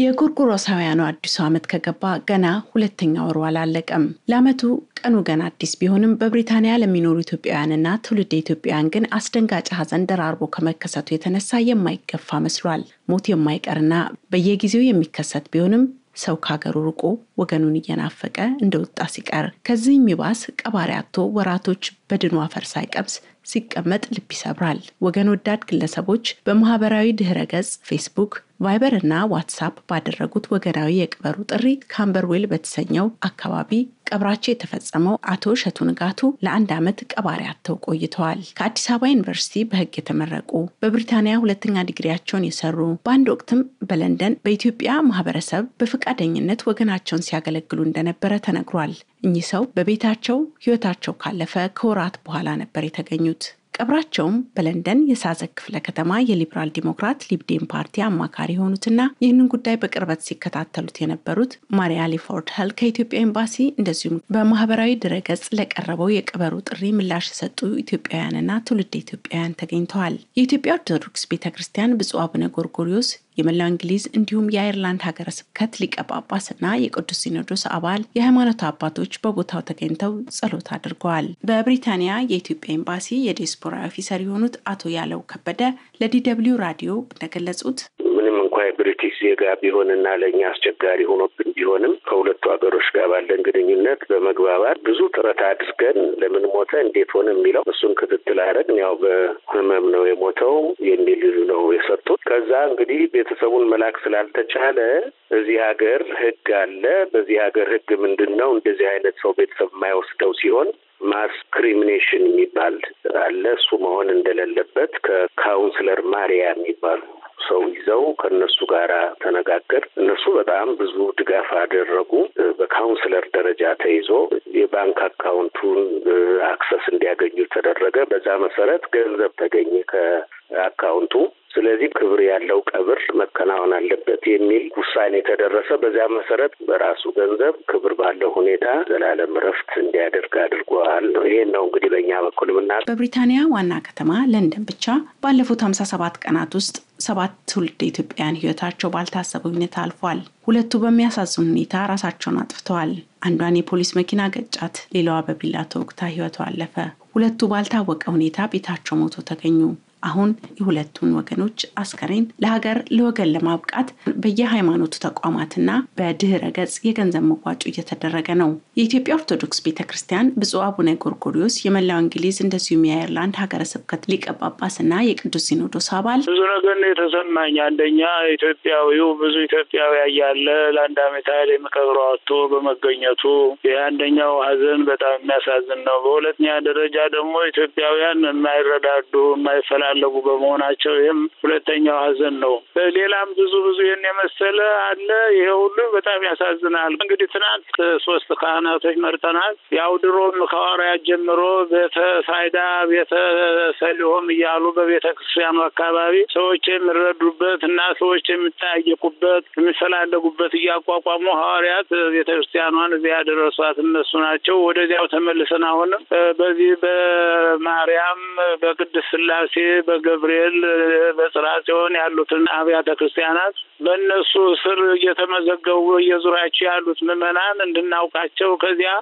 የጎርጎሮሳውያኑ አዲሱ ዓመት ከገባ ገና ሁለተኛ ወሩ አላለቀም። ለዓመቱ ቀኑ ገና አዲስ ቢሆንም በብሪታንያ ለሚኖሩ ኢትዮጵያውያንና ትውልድ ኢትዮጵያውያን ግን አስደንጋጭ ሐዘን ደራርቦ ከመከሰቱ የተነሳ የማይገፋ መስሏል። ሞት የማይቀርና በየጊዜው የሚከሰት ቢሆንም ሰው ከሀገሩ ርቆ ወገኑን እየናፈቀ እንደወጣ ሲቀር ከዚህ የሚባስ ቀባሪ አቶ ወራቶች በድኑ አፈር ሳይቀምስ ሲቀመጥ ልብ ይሰብራል። ወገን ወዳድ ግለሰቦች በማህበራዊ ድህረ ገጽ ፌስቡክ ቫይበር እና ዋትሳፕ ባደረጉት ወገናዊ የቅበሩ ጥሪ ካምበርዌል በተሰኘው አካባቢ ቀብራቸው የተፈጸመው አቶ እሸቱ ንጋቱ ለአንድ ዓመት ቀባሪ አጥተው ቆይተዋል። ከአዲስ አበባ ዩኒቨርሲቲ በሕግ የተመረቁ በብሪታንያ ሁለተኛ ዲግሪያቸውን የሰሩ በአንድ ወቅትም በለንደን በኢትዮጵያ ማህበረሰብ በፈቃደኝነት ወገናቸውን ሲያገለግሉ እንደነበረ ተነግሯል። እኚህ ሰው በቤታቸው ሕይወታቸው ካለፈ ከወራት በኋላ ነበር የተገኙት። ቀብራቸውም በለንደን የሳዘ ክፍለ ከተማ የሊበራል ዲሞክራት ሊብዴን ፓርቲ አማካሪ የሆኑትና ይህንን ጉዳይ በቅርበት ሲከታተሉት የነበሩት ማሪያ ሊፎርድ ሀል ከኢትዮጵያ ኤምባሲ እንደዚሁም በማህበራዊ ድረገጽ ለቀረበው የቀበሩ ጥሪ ምላሽ የሰጡ ኢትዮጵያውያንና ትውልድ ኢትዮጵያውያን ተገኝተዋል። የኢትዮጵያ ኦርቶዶክስ ቤተ ክርስቲያን ብፁዕ አቡነ ጎርጎሪዮስ የመላው እንግሊዝ እንዲሁም የአይርላንድ ሀገረ ስብከት ሊቀ ጳጳስና የቅዱስ ሲኖዶስ አባል የሃይማኖት አባቶች በቦታው ተገኝተው ጸሎት አድርገዋል። በብሪታንያ የኢትዮጵያ ኤምባሲ የዲያስፖራ ኦፊሰር የሆኑት አቶ ያለው ከበደ ለዲደብሊው ራዲዮ እንደገለጹት የአዲስ ዜጋ ቢሆንና ለእኛ አስቸጋሪ ሆኖብን ቢሆንም ከሁለቱ ሀገሮች ጋር ባለን ግንኙነት በመግባባት ብዙ ጥረት አድርገን ለምን ሞተ እንዴት ሆነ የሚለው እሱን ክትትል አደረግን። ያው በህመም ነው የሞተው የሚል ነው የሰጡት። ከዛ እንግዲህ ቤተሰቡን መላክ ስላልተቻለ እዚህ ሀገር ህግ አለ። በዚህ ሀገር ህግ ምንድን ነው እንደዚህ አይነት ሰው ቤተሰብ የማይወስደው ሲሆን ክሪሚኔሽን የሚባል አለ። እሱ መሆን እንደሌለበት ከካውንስለር ማሪያ የሚባሉ ሰው ይዘው ከነሱ ጋር ተነጋገር። እነሱ በጣም ብዙ ድጋፍ አደረጉ። በካውንስለር ደረጃ ተይዞ የባንክ አካውንቱን አክሰስ እንዲያገኙ ተደረገ። በዛ መሰረት ገንዘብ ተገኘ ከአካውንቱ። ስለዚህ ክብር ያለው ቀብር መከናወን አለበት የሚል ውሳኔ ተደረሰ። በዚያ መሰረት በራሱ ገንዘብ ክብር ባለው ሁኔታ ዘላለም እረፍት እንዲያደርግ አድርጓል። ይሄን ነው እንግዲህ በእኛ በኩል ምና በብሪታንያ ዋና ከተማ ለንደን ብቻ ባለፉት ሀምሳ ሰባት ቀናት ውስጥ ሰባት ትውልድ ኢትዮጵያውያን ህይወታቸው ባልታሰበ ሁኔታ አልፏል። ሁለቱ በሚያሳዝን ሁኔታ ራሳቸውን አጥፍተዋል። አንዷን የፖሊስ መኪና ገጫት፣ ሌላዋ በቢላ ተወግታ ህይወቷ አለፈ። ሁለቱ ባልታወቀ ሁኔታ ቤታቸው ሞቶ ተገኙ። አሁን የሁለቱን ወገኖች አስከሬን ለሀገር ለወገን ለማብቃት በየሃይማኖቱ ተቋማትና በድህረ ገጽ የገንዘብ መዋጮ እየተደረገ ነው። የኢትዮጵያ ኦርቶዶክስ ቤተ ክርስቲያን ብፁዕ አቡነ ጎርጎሪዮስ የመላው እንግሊዝ እንደዚሁም የአይርላንድ ሀገረ ስብከት ሊቀ ጳጳስና የቅዱስ ሲኖዶስ አባል ብዙ ነገር የተሰማኝ አንደኛ ኢትዮጵያዊው ብዙ ኢትዮጵያዊ ያለ ለአንድ ዓመት ያህል የሚቀብረው አቶ በመገኘቱ የአንደኛው ሀዘን በጣም የሚያሳዝን ነው። በሁለተኛ ደረጃ ደግሞ ኢትዮጵያውያን የማይረዳዱ የማይፈላ የተፈላለጉ በመሆናቸው ይህም ሁለተኛው ሀዘን ነው። ሌላም ብዙ ብዙ ይህን የመሰለ አለ። ይሄ ሁሉ በጣም ያሳዝናል። እንግዲህ ትናንት ሶስት ካህናቶች መርጠናል። ያው ድሮም ከሐዋርያት ጀምሮ ቤተ ሳይዳ፣ ቤተ ሰሊሆም እያሉ በቤተ ክርስቲያኑ አካባቢ ሰዎች የሚረዱበት እና ሰዎች የሚጠያየቁበት የሚፈላለጉበት እያቋቋሙ ሐዋርያት ቤተ ክርስቲያኗን እዚያ ያደረሷት እነሱ ናቸው። ወደዚያው ተመልሰን አሁንም በዚህ በማርያም በቅድስት ስላሴ በገብርኤል በጽራ ጽዮን ያሉትን አብያተ ክርስቲያናት በእነሱ ስር እየተመዘገቡ እየዙሪያቸው ያሉት ምዕመናን እንድናውቃቸው ከዚያ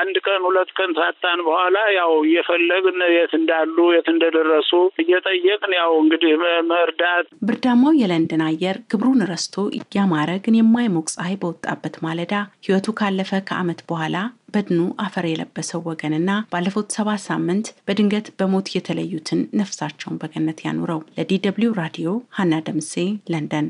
አንድ ቀን ሁለት ቀን ሳጣን በኋላ ያው እየፈለግን የት እንዳሉ የት እንደደረሱ እየጠየቅን ያው እንግዲህ መርዳት። ብርዳማው የለንደን አየር ግብሩን ረስቶ እያማረ ግን የማይሞቅ ፀሐይ በወጣበት ማለዳ ህይወቱ ካለፈ ከዓመት በኋላ በድኑ አፈር የለበሰው ወገንና ባለፉት ሰባት ሳምንት በድንገት በሞት የተለዩትን ነፍሳቸውን በገነት ያኑረው። ለዲ ደብልዩ ራዲዮ ሀና ደምሴ ለንደን